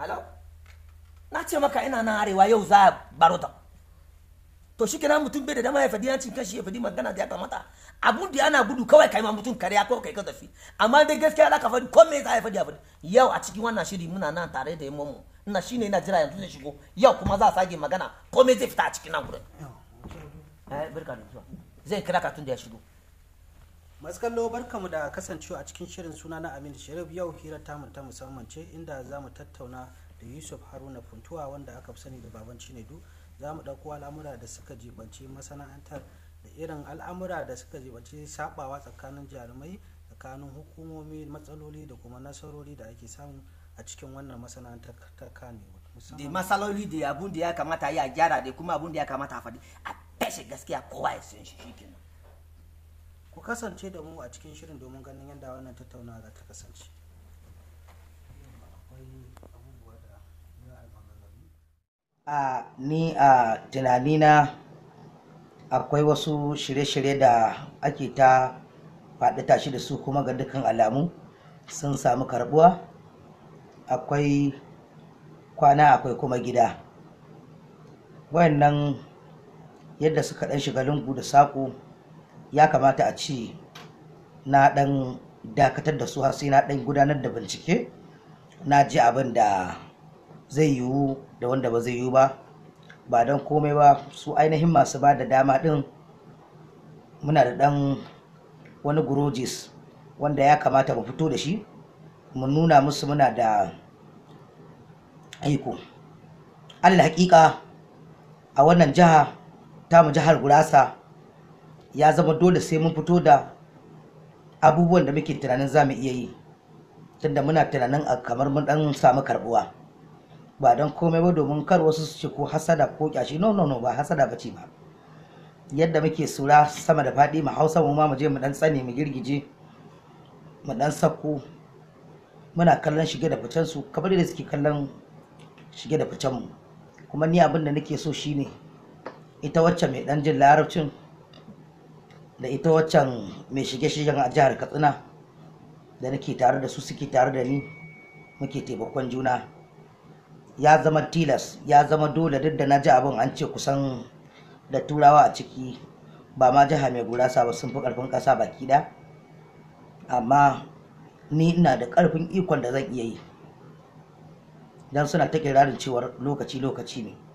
halau na ce maka ina nan arewa yau za a barota to shi kenan mutum bai da dama ya fadi yancin kashi ya fadi magana da ya kamata abun da ana gudu kawai kai ma mutum kariya ko kai ka tafi amma dai gaskiya za ka fadi ko me za a fadi a yau a cikin wannan shiri muna nan tare da yammu ina shine ina jira yanzu zai shigo yau kuma za a sage magana ko me zai fita a cikin nan gurin eh barka da zuwa zai kira ka tun da ya shigo maskallo barkamu da kasancewa a cikin shirin suna na aminu sharif yau hira tamu ta musamman ce inda za mu tattauna da yusuf haruna funtuwa wanda aka fi sani da baban cinedu za mu ɗauko al'amura da suka jibanci masana'antar da irin al'amura da suka jibanci sabawa tsakanin jarumai tsakanin hukumomi matsaloli da kuma nasarori da ake samu a cikin wannan masana'antar ta kane. da matsaloli da abun da ya kamata ya gyara da kuma abun da ya kamata a faɗi a fashe gaskiya kowa ya san shi kenan ku kasance da mu a cikin shirin domin ganin yadda wannan tattaunawa za ta kasance a ni a tunanina akwai wasu shirye-shirye da ake ta faɗi tashi da su kuma ga dukkan alamu sun samu karbuwa akwai kwana akwai kuma gida wayannan yadda suka ɗan shiga lungu da saƙo ya kamata a ce na ɗan dakatar da su har sai na ɗan gudanar da bincike na ji abin da zai yiwu da wanda ba zai yiwu ba ba don komai ba su ainihin masu ba da dama ɗin muna da ɗan wani gurojis wanda ya kamata mu fito da shi mu nuna musu muna da aiko allah hakika a wannan jiha ta mu jihar gurasa ya zama dole sai mun fito da abubuwan da muke tunanin za mu iya yi tunda muna tunanin a kamar mun dan samu karbuwa ba don komai ba domin kar wasu su ce ko hasada ko kyashi no no no ba hasada ba ce ba yadda muke sura sama da faɗi mu hausa mu ma mu je mu dan tsane mu girgije mu dan sako muna kallon shige da ficen su kamar da suke kallon shige da ficen mu kuma ni abin da nake so shine ita wacce mai dan jin larabcin da ita waccan mai shige-shigen a jihar katsina da nake tare da su suke tare da ni muke taimakon juna ya zama tilas ya zama dole duk da na ji abin an ce kusan da turawa a ciki ba ma jiha mai gurasa ba sun fi karfin kasa baki da amma ni ina da karfin ikon da zan iya yi Dan suna ta kirarin cewar lokaci-lokaci ne